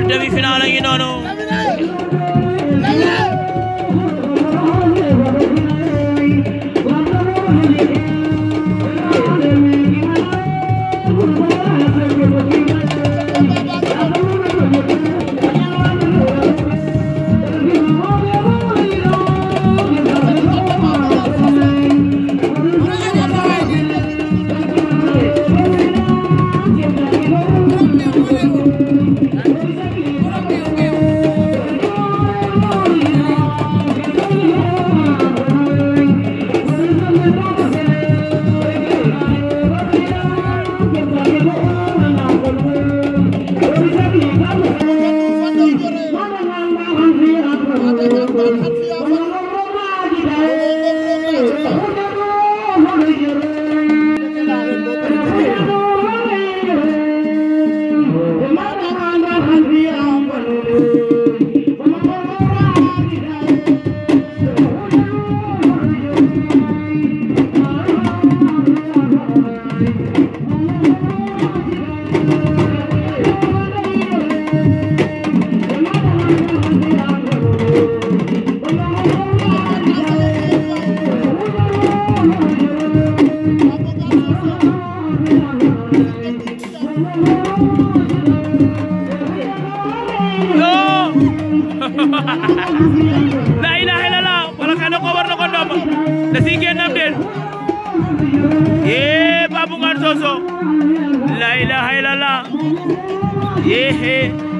première demi-finale a ngi noonu la ilaha illallah wala ka ne ko war na ko ndomba da si génnam den yee Babou Ngane Sossokh la ilaha illallah yee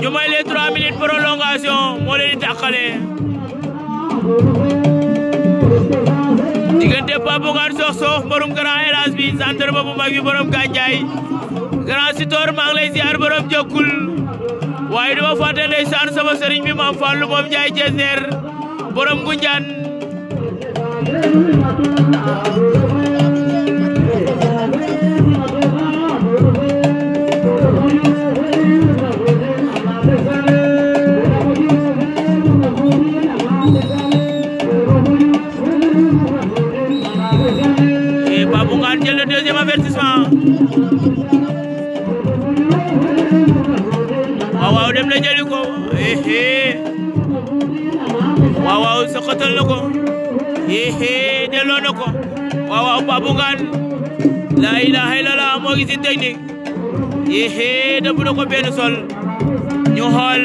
ñu may leen trois minutes prolongation moo leen di tàqale diggante Pape Boucar Sokh Sokh borom grand hélas bi centre ba mag bi borom gànjaay grand sitor maa ngi lay ziar borom jokkul waaye duma fàtte ndeysaan sama sëriñ bi maam Fallou moom Njaay Jesner borom Gunjaan gotal na hehe delloo ko wawa waaw Babou Ngane laa ilaaha illallah moo ngi si hehe dëbb ko benn sol ñu xool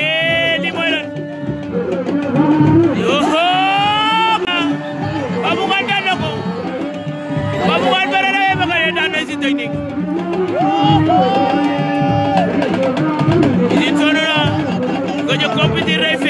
copy di Ray